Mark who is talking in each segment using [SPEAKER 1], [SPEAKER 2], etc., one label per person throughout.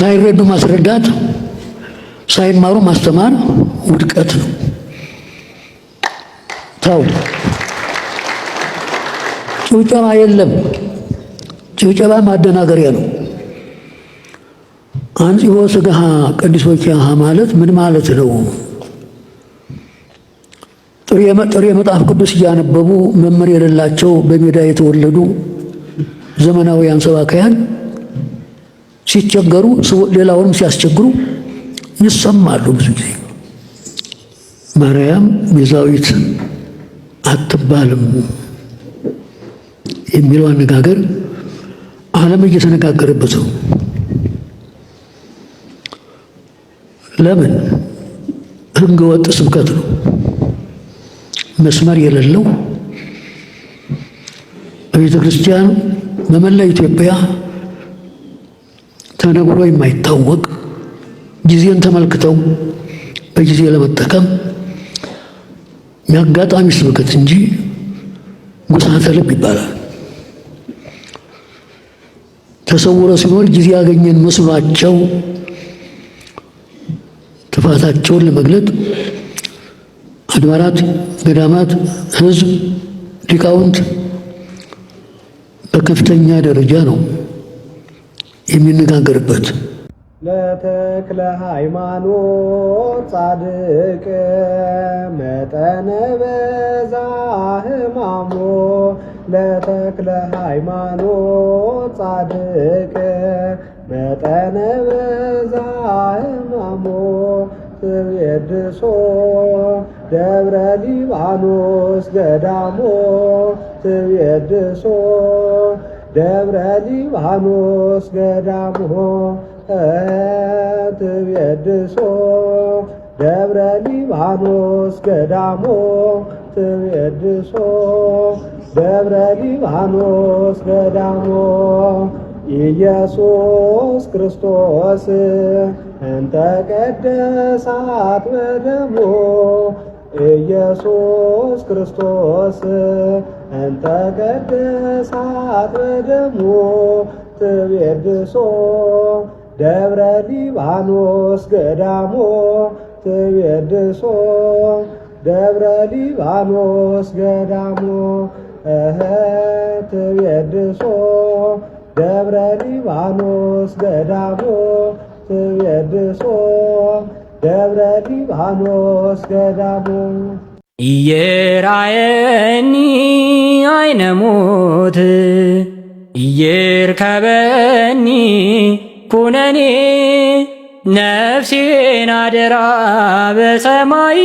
[SPEAKER 1] ሳይረዱ ማስረዳት፣ ሳይማሩ ማስተማር ውድቀት ነው። ተው፣ ጭብጨባ የለም። ጭብጨባ ማደናገሪያ ነው። አንጽሖ ሥጋሃ ቅዱሶኪሃ ማለት ምን ማለት ነው? ጥሬ መጽሐፍ ቅዱስ እያነበቡ መምህር የሌላቸው በሜዳ የተወለዱ ዘመናዊ አንሰባካያን ሲቸገሩ ሌላውንም ሲያስቸግሩ ይሰማሉ። ብዙ ጊዜ ማርያም ቤዛዊት አትባልም የሚለው አነጋገር ዓለም እየተነጋገረበት ነው። ለምን? ወጥ ስብከት ነው፣ መስመር የሌለው በቤተ ክርስቲያን በመላ ኢትዮጵያ ተነግሮ የማይታወቅ ጊዜን ተመልክተው በጊዜ ለመጠቀም የሚያጋጣሚ ስብከት እንጂ ጉሳተ ልብ ይባላል። ተሰውረ ሲኖር ጊዜ ያገኘን መስሏቸው ጥፋታቸውን ለመግለጥ አድባራት፣ ገዳማት፣ ሕዝብ፣ ሊቃውንት በከፍተኛ ደረጃ ነው የሚነጋገርበት
[SPEAKER 2] ለተክለ ሃይማኖት ጻድቅ መጠነ በዛ ህማሞ ለተክለ ሃይማኖት ጻድቅ መጠነ በዛ ህማሞ ስብየድሶ ደብረ ሊባኖስ ገዳሞ ስብየድሶ ደብረ ሊባኖስ ገዳምሆ ትቤድሶ ደብረ ሊባኖስ ገዳሞ ትቤድሶ ደብረ ሊባኖስ ገዳሞ ኢየሱስ ክርስቶስ እንተ ቀደሳት በደሙ ኢየሱስ ክርስቶስ እንተ ቅድሳት በደሙ ትቤድሶ ደብረ ሊባኖስ ገዳሞ ትቤድሶ ደብረ ሊባኖስ ገዳሞ ትቤድሶ ደብረ ሊባኖስ ገዳሞ ትቤድሶ ደብረ ሊባኖስ ገዳሞ ኢየራየኒ አይነሞት ኢየርከበኒ ኩነኔ ነፍሴን አደራ በሰማይ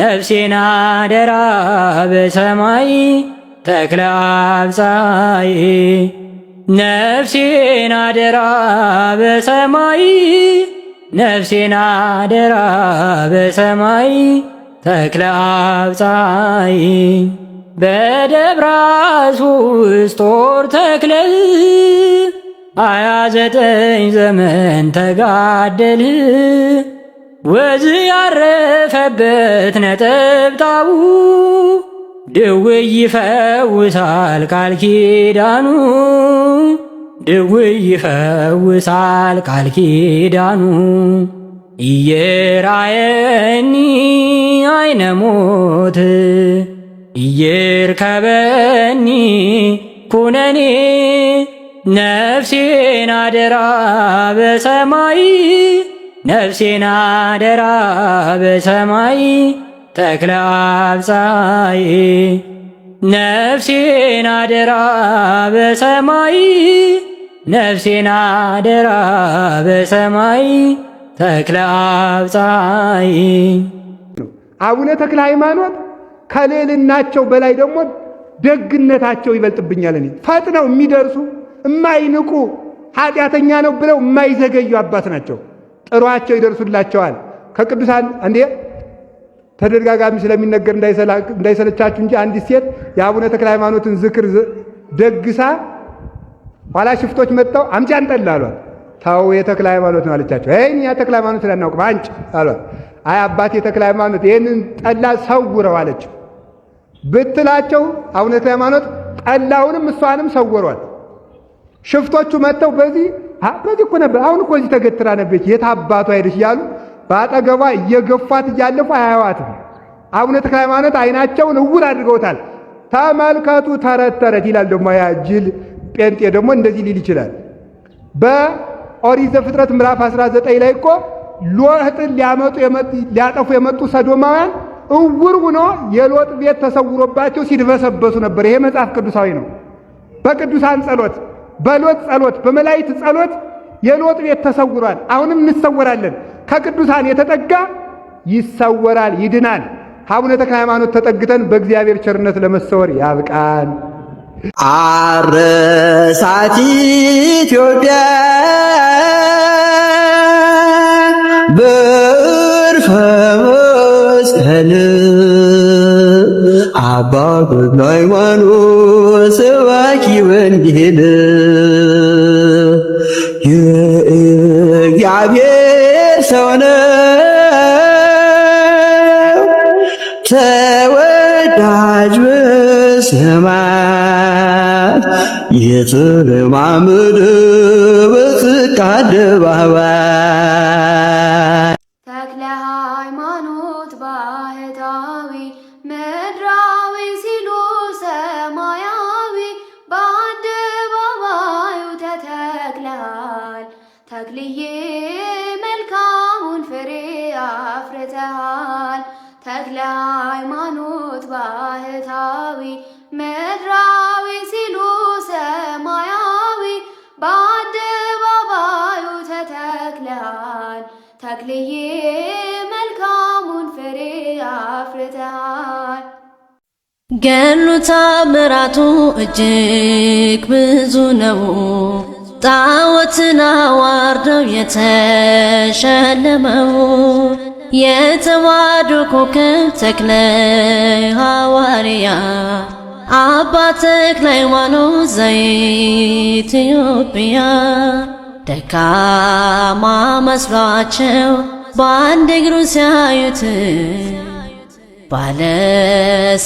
[SPEAKER 2] ነፍሴን አደራ በሰማይ ተክለ አብ ነፍሴን አደራ በሰማይ ነፍሴን አደራ በሰማይ ተክለ አብ ፀሐይ በደብረ ተክለ ሃያ ዘጠኝ ዘመን ተጋደል ወዝ ያረፈበት ነጠብጣቡ ድውይ ይፈውሳል ቃል ኪዳኑ ድውይ ይፈውሳል ቃል ኪዳኑ ኢየራየኒ አይነሞት ኢየርከበኒ ኩነኔ ነፍሴን አደራ በሰማይ ነፍሴን አደራ በሰማይ ተክለ አብ ፀሐይ ነፍሴን አደራ በሰማይ ነፍሴን አደራ በሰማይ ተክለ አብ
[SPEAKER 3] አቡነ ተክለ ሃይማኖት ከልዕልናቸው በላይ ደግሞ ደግነታቸው ይበልጥብኛል። እኔ ፈጥነው የሚደርሱ የማይንቁ ኃጢአተኛ ነው ብለው የማይዘገዩ አባት ናቸው። ጥሯቸው ይደርሱላቸዋል። ከቅዱሳን እንዴ ተደጋጋሚ ስለሚነገር እንዳይሰለቻችሁ እንጂ አንዲት ሴት የአቡነ ተክለ ሃይማኖትን ዝክር ደግሳ ኋላ ሽፍቶች መጥተው አምጪ አንጠላ አሏት። ታው የተክለ ሃይማኖት ነው አለቻቸው። ይህን ያ ተክለ ሃይማኖት አናውቅም አንጭ አሏት። አይ አባት የተክለ ሃይማኖት ይህንን ጠላ ሰውረው አለችው ብትላቸው አቡነ ተክለ ሃይማኖት ጠላውንም እሷንም ሰውሯል። ሽፍቶቹ መጥተው በዚህ በዚህ እኮ ነበር አሁን እኮ እዚህ ተገትራ ነበች የት አባቷ ሄደች እያሉ በአጠገቧ እየገፏት እያለፉ አያዋትም። አቡነ ተክለ ሃይማኖት አይናቸውን እውር አድርገውታል። ተመልከቱ ተረት ተረት ይላል ደግሞ ያ ጅል ጴንጤ ደግሞ እንደዚህ ሊል ይችላል በ ኦሪት ዘፍጥረት ምዕራፍ 19 ላይ እኮ ሎጥን ሊያመጡ ሊያጠፉ የመጡ ሰዶማውያን እውር ሆኖ የሎጥ ቤት ተሰውሮባቸው ሲድበሰበሱ ነበር። ይሄ መጽሐፍ ቅዱሳዊ ነው። በቅዱሳን ጸሎት፣ በሎጥ ጸሎት፣ በመላእክት ጸሎት የሎጥ ቤት ተሰውሯል። አሁንም እንሰወራለን። ከቅዱሳን የተጠጋ ይሰወራል፣ ይድናል። አቡነ ተክለ ሃይማኖት ተጠግተን በእግዚአብሔር ቸርነት ለመሰወር ያብቃን።
[SPEAKER 2] አረሳት ኢትዮጵያ በእርፈ መስቀል አባ ገብረ ሃይማኖት ስባኪ ወንጌል የእግዚአብሔር ሰውነ በጽርሐ ምድር በጽድቅ አደባባይ ተክለ ሃይማኖት ባህታዊ ምድራዊ ሲሉ ሰማያዊ በአደባባዩ ተተክለሃል ተክልዬ መልካሙን ፍሬ አፍርተሃል ተክለ ሃይማኖት ባህታዊ ምድራ ገሉ ታምራቱ እጅግ ብዙ ነው። ጣዖትን አዋርደው የተሸለመው የተዋሕዶ ኮከብ ተክለ ሐዋርያ አባ ተክለ ሃይማኖት ዘኢትዮጵያ ደካማ መስሏቸው በአንድ እግሩ ሲያዩት ባለ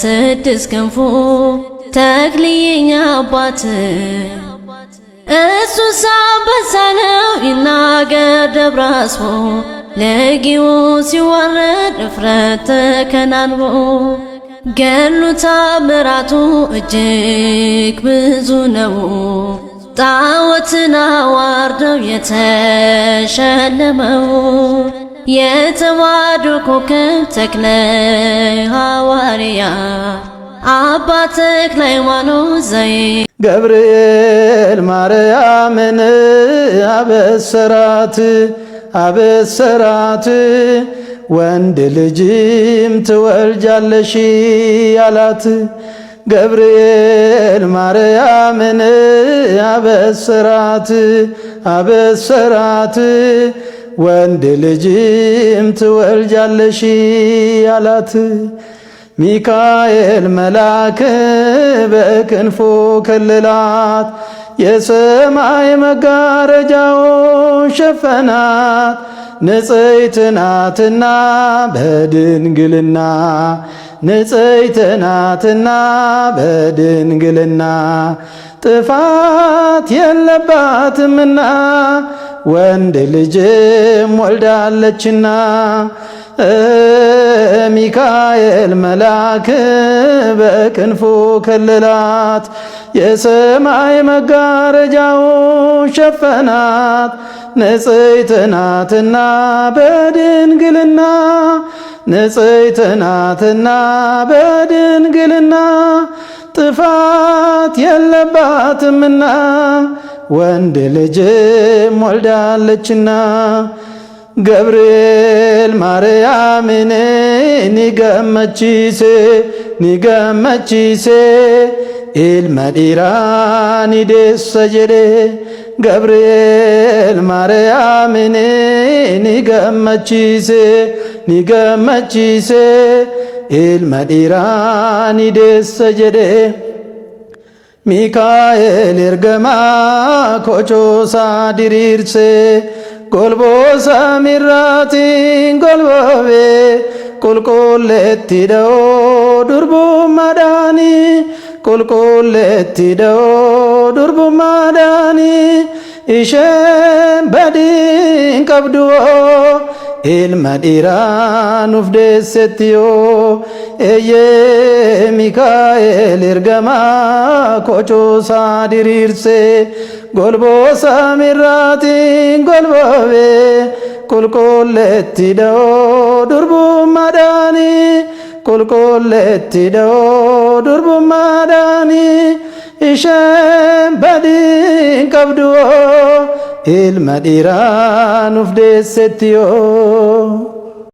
[SPEAKER 2] ስድስት ክንፉ ተክልዬኛ አባት እሱ አንበሳ ነው ይናገር ደብራስቦ ለጊዎ ሲዋረድ እፍረት ተከናንቦ ገሉ ታምራቱ እጅግ ብዙ ነው። ጣዖትን አዋርደው የተሸለመው የተዋህዶ ኮከብ ተክለ ሐዋርያ አባ ተክለ ሃይማኖት ዘይ ገብርኤል ማርያምን አበሰራት አበሰራት ወንድ ልጅም ትወልጃለሽ አላት። ገብርኤል ማርያምን አበሰራት አበሰራት ወንድ ልጅም ትወልጃለሽ አላት። ሚካኤል መላክ በክንፎ ከለላት፣ የሰማይ መጋረጃው ሸፈናት። ንጽሕት ናትና በድንግልና ንጽሕት ናትና በድንግልና ጥፋት የለባትምና ወንድ ልጅም ወልዳለችና ሚካኤል መልአክ በክንፉ ከለላት፣ የሰማይ መጋረጃው ሸፈናት። ንጽሕት ናትና በድንግልና ንጽሕት ናትና በድንግልና ጥፋት የለባትምና ወንድ ልጅም ወልዳለችና ገብርኤል ማርያምን ኒገመቺሴ ኒገመቺሴ ኢልመዲራኒ ዴሰ ገብርኤል ማርያምን ኒገመቺሴ ኤል ኢልመዲራኒ ዴሰ ጀደ ሚካኤል ኤርገማ ኮቾሳ ዲሪርሴ ጎልቦሳ ሚራቲን ጎልቦቤ ቁልቁሌቲ ደኦ ዱርቡ ማዳኒ ቁልቁሌቲ ደኦ ዱርቡ ማዳኒ ኢሸን በዲን ቀብድዎ ኢንመዲራኑፍ ደሴትዮ ኤየ ሚካኤል ኤርገማ ኮጮሳ ዲሪርሴ ጎልቦሳ ሚራቲን ጎልቦቤ ቁልቁሌቲ ደኦ ዱርቡማዳኒ ቁልቁሌቲ ደኦ ዱርቡማዳኒ isheen badin qabdu ilma dhiiraa nuuf deessetti yoo